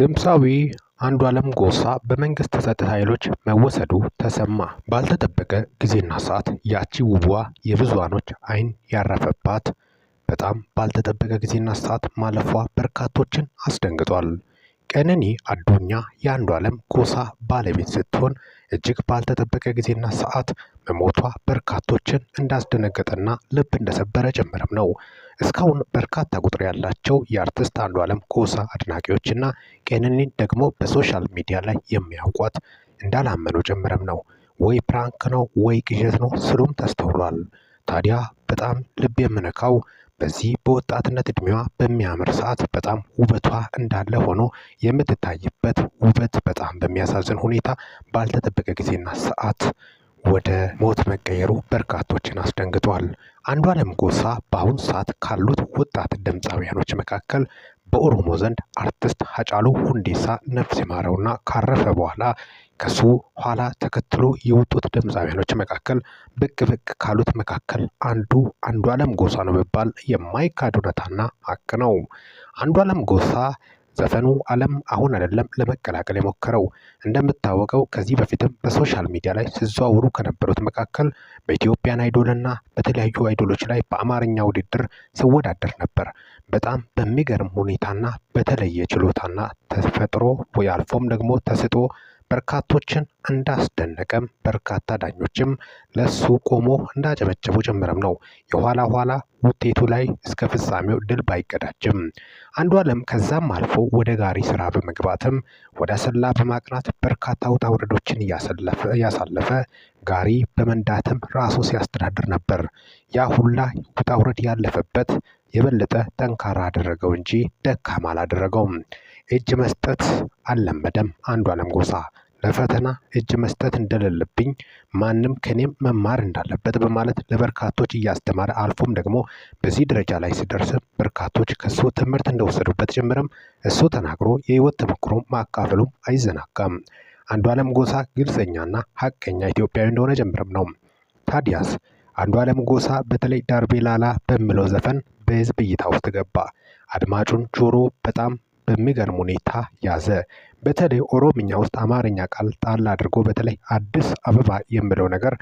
ድምፃዊ አንዷለም ጎሳ በመንግስት ጸጥታ ኃይሎች መወሰዱ ተሰማ። ባልተጠበቀ ጊዜና ሰዓት ያቺ ውቧ የብዙሃኖች አይን ያረፈባት በጣም ባልተጠበቀ ጊዜና ሰዓት ማለፏ በርካቶችን አስደንግጧል። ቀነኒ አዱኛ የአንዷለም ጎሳ ባለቤት ስትሆን እጅግ ባልተጠበቀ ጊዜና ሰዓት መሞቷ በርካቶችን እንዳስደነገጠና ልብ እንደሰበረ ጭምርም ነው። እስካሁን በርካታ ቁጥር ያላቸው የአርቲስት አንዷለም ጎሳ አድናቂዎችና ቄንኒን ደግሞ በሶሻል ሚዲያ ላይ የሚያውቋት እንዳላመኑ ጀምረም ነው። ወይ ፕራንክ ነው ወይ ቅዠት ነው ስሉም ተስተውሏል። ታዲያ በጣም ልብ የምነካው በዚህ በወጣትነት እድሜዋ በሚያምር ሰዓት በጣም ውበቷ እንዳለ ሆኖ የምትታይበት ውበት በጣም በሚያሳዝን ሁኔታ ባልተጠበቀ ጊዜና ሰዓት ወደ ሞት መቀየሩ በርካቶችን አስደንግጧል። አንዷለም ጎሳ በአሁኑ ሰዓት ካሉት ወጣት ድምፃውያኖች መካከል በኦሮሞ ዘንድ አርቲስት ሀጫሉ ሁንዴሳ ነፍስ ይማረውና ካረፈ በኋላ ከሱ ኋላ ተከትሎ የወጡት ድምፃውያኖች መካከል ብቅ ብቅ ካሉት መካከል አንዱ አንዱ አለም ጎሳ ነው በመባል የማይካድ እውነታና ሀቅ ነው። አንዱ አለም ጎሳ ዘፈኑ አለም አሁን አይደለም ለመቀላቀል የሞከረው። እንደምታወቀው ከዚህ በፊትም በሶሻል ሚዲያ ላይ ሲዘዋውሩ ከነበሩት መካከል በኢትዮጵያን አይዶል እና በተለያዩ አይዶሎች ላይ በአማርኛ ውድድር ሲወዳደር ነበር። በጣም በሚገርም ሁኔታና በተለየ ችሎታና ተፈጥሮ ወይ አልፎም ደግሞ ተስጦ በርካቶችን እንዳስደነቀም በርካታ ዳኞችም ለሱ ቆሞ እንዳጨበጨቡ ጭምርም ነው። የኋላ ኋላ ውጤቱ ላይ እስከ ፍጻሜው ድል ባይቀዳጅም አንዱ አለም ከዛም አልፎ ወደ ጋሪ ስራ በመግባትም ወደ አሰላ በማቅናት በርካታ ውጣ ውረዶችን እያሳለፈ ጋሪ በመንዳትም ራሱ ሲያስተዳድር ነበር። ያ ሁላ ውጣ ውረድ ያለፈበት የበለጠ ጠንካራ አደረገው እንጂ ደካማ አላደረገውም። እጅ መስጠት አልለመደም አንዱ አለም ጎሳ። ለፈተና እጅ መስጠት እንደሌለብኝ ማንም ከኔም መማር እንዳለበት በማለት ለበርካቶች እያስተማረ አልፎም ደግሞ በዚህ ደረጃ ላይ ሲደርስ በርካቶች ከእሱ ትምህርት እንደወሰዱበት ጭምርም እሱ ተናግሮ የህይወት ተሞክሮ ማካፈሉም አይዘናጋም። አንዱዓለም ጎሳ ግልጸኛና ሀቀኛ ኢትዮጵያዊ እንደሆነ ጀምረም ነው። ታዲያስ አንዱዓለም ጎሳ በተለይ ዳርቤ ላላ በሚለው ዘፈን በህዝብ እይታ ውስጥ ገባ። አድማጩን ጆሮ በጣም በሚገርም ሁኔታ ያዘ። በተለይ ኦሮምኛ ውስጥ አማርኛ ቃል ጣል አድርጎ በተለይ አዲስ አበባ የሚለው ነገር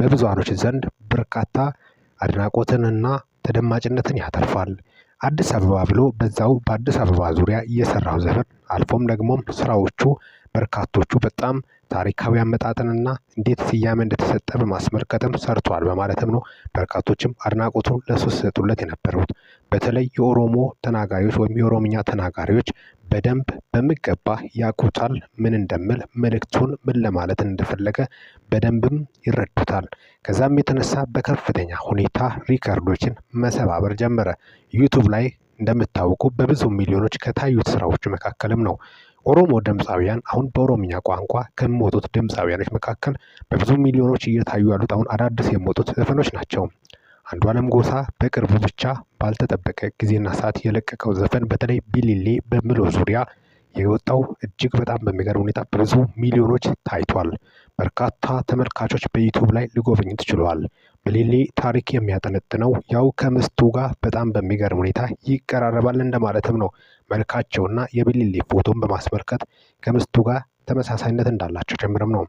በብዙሃኖች ዘንድ በርካታ አድናቆትንና ተደማጭነትን ያተርፋል። አዲስ አበባ ብሎ በዛው በአዲስ አበባ ዙሪያ የሰራው ዘፈን አልፎም ደግሞም ስራዎቹ በርካቶቹ በጣም ታሪካዊ አመጣጥንና እንዴት ስያሜ እንደተሰጠ በማስመልከትም ሰርቷል በማለትም ነው በርካቶችም አድናቆቱን ለሱ ሲሰጡለት የነበሩት። በተለይ የኦሮሞ ተናጋሪዎች ወይም የኦሮምኛ ተናጋሪዎች በደንብ በሚገባ ያውቁታል። ምን እንደምል መልእክቱን ምን ለማለት እንደፈለገ በደንብም ይረዱታል። ከዛም የተነሳ በከፍተኛ ሁኔታ ሪከርዶችን መሰባበር ጀመረ። ዩቱብ ላይ እንደምታወቁ በብዙ ሚሊዮኖች ከታዩት ስራዎች መካከልም ነው። ኦሮሞ ድምፃውያን አሁን በኦሮምኛ ቋንቋ ከሚወጡት ድምፃውያኖች መካከል በብዙ ሚሊዮኖች እየታዩ ያሉት አሁን አዳዲስ የሚወጡት ዘፈኖች ናቸው። አንዷለም ጎሳ በቅርቡ ብቻ ባልተጠበቀ ጊዜና ሰዓት የለቀቀው ዘፈን በተለይ ቢሊሌ በሚለው ዙሪያ የወጣው እጅግ በጣም በሚገርም ሁኔታ በብዙ ሚሊዮኖች ታይቷል። በርካታ ተመልካቾች በዩቱብ ላይ ሊጎበኙት ችለዋል። ቢሊሌ ታሪክ የሚያጠነጥነው ያው ከምስቱ ጋር በጣም በሚገርም ሁኔታ ይቀራረባል እንደማለትም ነው። መልካቸውና የቢሊሌ ፎቶን በማስመልከት ከምስቱ ጋር ተመሳሳይነት እንዳላቸው ጭምርም ነው።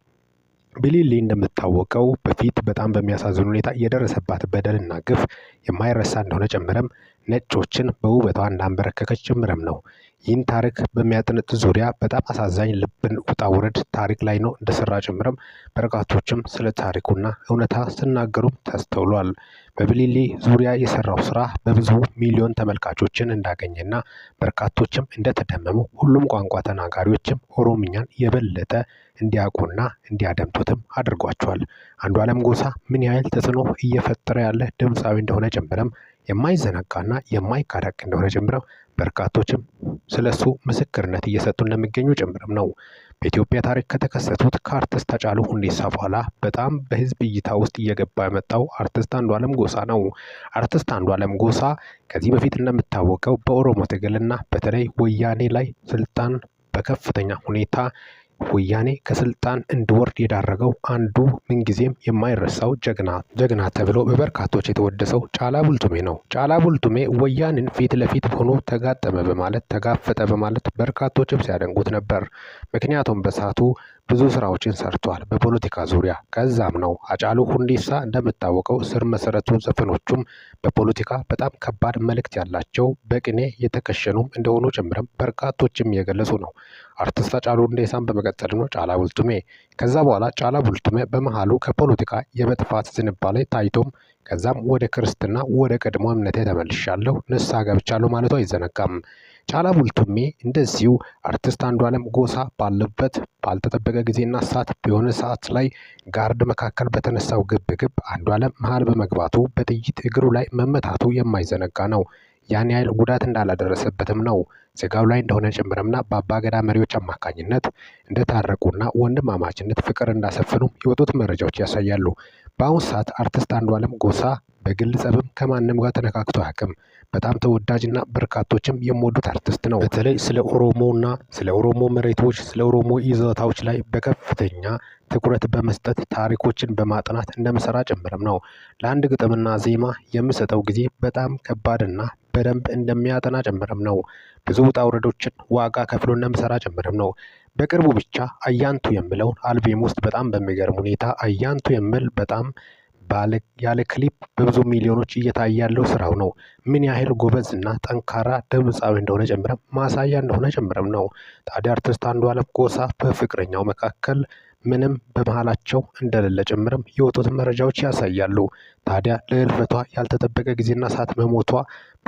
ቢሊሊ እንደምታወቀው በፊት በጣም በሚያሳዝን ሁኔታ የደረሰባት በደልና ግፍ የማይረሳ እንደሆነ ጨምረም ነጮችን በውበቷ እንዳንበረከከች ጭምርም ነው። ይህን ታሪክ በሚያጠነጥ ዙሪያ በጣም አሳዛኝ ልብን ውጣ ውረድ ታሪክ ላይ ነው እንደሰራ ጭምርም በርካቶችም ስለ ታሪኩና እውነታ ስናገሩም ተስተውሏል። በብሊሌ ዙሪያ የሰራው ስራ በብዙ ሚሊዮን ተመልካቾችን እንዳገኘና በርካቶችም እንደተደመሙ ሁሉም ቋንቋ ተናጋሪዎችም ኦሮምኛን የበለጠ እንዲያውቁና እንዲያደምጡትም አድርጓቸዋል። አንዱ አለም ጎሳ ምን ያህል ተጽዕኖ እየፈጠረ ያለ ድምፃዊ እንደሆነ ጭምርም የማይዘነጋና የማይካረቅ እንደሆነ ጭምርም በርካቶችም ስለ እሱ ምስክርነት እየሰጡ እንደሚገኙ ጭምርም ነው። በኢትዮጵያ ታሪክ ከተከሰቱት ከአርቲስት ሃጫሉ ሁንዴሳ በኋላ በጣም በህዝብ እይታ ውስጥ እየገባ የመጣው አርቲስት አለም ጎሳ ነው። አርቲስት አለም ጎሳ ከዚህ በፊት እንደሚታወቀው በኦሮሞ ትግልና በተለይ ወያኔ ላይ ስልጣን በከፍተኛ ሁኔታ ወያኔ ከስልጣን እንዲወርድ የዳረገው አንዱ ምንጊዜም የማይረሳው ጀግና ጀግና ተብሎ በበርካቶች የተወደሰው ጫላ ቡልቱሜ ነው። ጫላ ቡልቱሜ ወያኔን ፊት ለፊት ሆኖ ተጋጠመ በማለት ተጋፈጠ በማለት በርካቶችም ሲያደንቁት ነበር። ምክንያቱም በሰዓቱ ብዙ ስራዎችን ሰርቷል በፖለቲካ ዙሪያ። ከዛም ነው አጫሉ ሁንዴሳ እንደምታወቀው ስር መሰረቱ ዘፈኖቹም በፖለቲካ በጣም ከባድ መልእክት ያላቸው በቅኔ የተከሸኑም እንደሆኑ ጭምርም በርካቶችም የገለጹ ነው። አርቲስት አጫሉ ሁንዴሳን በመቀጠል ነው ጫላ ቡልቱሜ። ከዛ በኋላ ጫላ ቡልቱሜ በመሃሉ ከፖለቲካ የመጥፋት ዝንባሌ ታይቶም ከዛም ወደ ክርስትና ወደ ቀድሞ እምነቴ ተመልሻለሁ ንስሐ ገብቻለሁ ማለቱ አይዘነጋም። ጫላ ቡልቱሜ እንደዚሁ አርቲስት አንዷለም ጎሳ ባለበት ባልተጠበቀ ጊዜና ሰዓት በሆነ ሰዓት ላይ ጋርድ መካከል በተነሳው ግብ ግብ አንዷለም መሃል በመግባቱ በጥይት እግሩ ላይ መመታቱ የማይዘነጋ ነው። ያን ያህል ጉዳት እንዳላደረሰበትም ነው ዜጋው ላይ እንደሆነ ጭምርምና በአባገዳ መሪዎች አማካኝነት እንደታረቁና ወንድማማችነት ፍቅር እንዳሰፍኑ የወጡት መረጃዎች ያሳያሉ። በአሁኑ ሰዓት አርቲስት አንዷለም ጎሳ በግል ጸብም ከማንም ጋር ተነካክቶ አያውቅም። በጣም ተወዳጅና በርካቶችም የሚወዱት አርቲስት ነው። በተለይ ስለ ኦሮሞና ስለ ኦሮሞ መሬቶች፣ ስለ ኦሮሞ ይዘታዎች ላይ በከፍተኛ ትኩረት በመስጠት ታሪኮችን በማጥናት እንደምሰራ ጭምርም ነው። ለአንድ ግጥምና ዜማ የምሰጠው ጊዜ በጣም ከባድና በደንብ እንደሚያጠና ጭምርም ነው። ብዙ ውጣ ውረዶችን ዋጋ ከፍሎ እንደምሰራ ጭምርም ነው። በቅርቡ ብቻ አያንቱ የምለውን አልቤም ውስጥ በጣም በሚገርም ሁኔታ አያንቱ የምል በጣም ያለ ክሊፕ በብዙ ሚሊዮኖች እየታየ ያለው ስራው ነው። ምን ያህል ጎበዝ እና ጠንካራ ድምፃዊ እንደሆነ ጨምረም ማሳያ እንደሆነ ጨምረም ነው። ታዲያ አርቲስት አንዱዓለም ጎሳ በፍቅረኛው መካከል ምንም በመሃላቸው እንደሌለ ጭምርም የወጡት መረጃዎች ያሳያሉ። ታዲያ ለእልፈቷ ያልተጠበቀ ጊዜና ሰዓት መሞቷ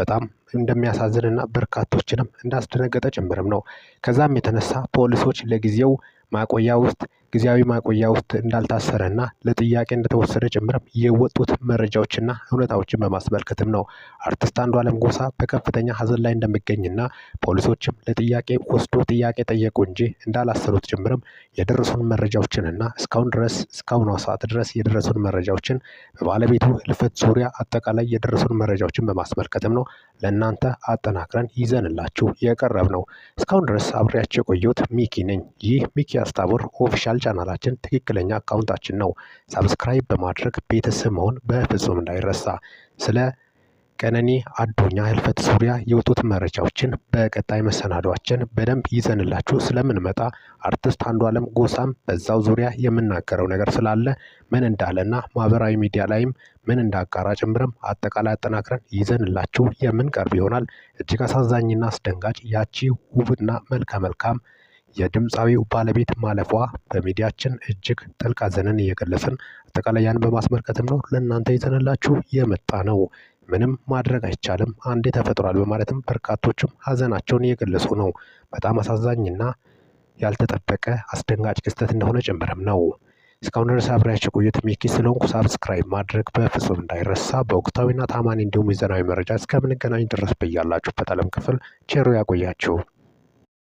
በጣም እንደሚያሳዝንና በርካቶችንም እንዳስደነገጠ ጭምርም ነው። ከዛም የተነሳ ፖሊሶች ለጊዜው ማቆያ ውስጥ ጊዜያዊ ማቆያ ውስጥ እንዳልታሰረ እና ለጥያቄ እንደተወሰደ ጭምርም የወጡት መረጃዎችና እውነታዎችን በማስመልከትም ነው። አርቲስት አንዷለም ጎሳ በከፍተኛ ሀዘን ላይ እንደሚገኝና ፖሊሶችም ለጥያቄ ወስዶ ጥያቄ ጠየቁ እንጂ እንዳላሰሩት ጭምርም የደረሱን መረጃዎችንና እስካሁን ድረስ እስካሁኗ ሰዓት ድረስ የደረሱን መረጃዎችን በባለቤቱ ህልፈት ዙሪያ አጠቃላይ የደረሱን መረጃዎችን በማስመልከትም ነው ለእናንተ አጠናክረን ይዘንላችሁ የቀረብ ነው። እስካሁን ድረስ አብሬያቸው የቆየሁት ሚኪ ነኝ። ይህ ሚኪ አስታቡር ኦፊሻል ቻናላችን ትክክለኛ አካውንታችን ነው። ሳብስክራይብ በማድረግ ቤተሰብ መሆን በፍጹም እንዳይረሳ ስለ ቀነኒ አዶኛ ህልፈት ዙሪያ የወጡት መረጃዎችን በቀጣይ መሰናዷችን በደንብ ይዘንላችሁ ስለምንመጣ አርቲስት አንዷለም ጎሳም በዛው ዙሪያ የምናገረው ነገር ስላለ ምን እንዳለና ማህበራዊ ሚዲያ ላይም ምን እንዳጋራ ጭምርም አጠቃላይ አጠናክረን ይዘንላችሁ የምንቀርብ ይሆናል። እጅግ አሳዛኝና አስደንጋጭ ያቺ ውብና መልከ መልካም የድምፃዊው ባለቤት ማለፏ በሚዲያችን እጅግ ጥልቅ ሐዘንን እየገለጽን አጠቃላይ ያን በማስመልከትም ነው ለእናንተ ይዘንላችሁ የመጣ ነው። ምንም ማድረግ አይቻልም፣ አንዴ ተፈጥሯል በማለትም በርካቶችም ሀዘናቸውን እየገለጹ ነው። በጣም አሳዛኝና ያልተጠበቀ አስደንጋጭ ክስተት እንደሆነ ጭምርም ነው። እስካሁን ድረስ አብሬያቸው ቆየት ሚኪ ስለሆንኩ ሳብስክራይብ ማድረግ በፍጹም እንዳይረሳ። በወቅታዊና ታማኒ እንዲሁም ሚዛናዊ መረጃ እስከምንገናኝ ድረስ በያላችሁበት ዓለም ክፍል ቸሩ ያቆያችሁ።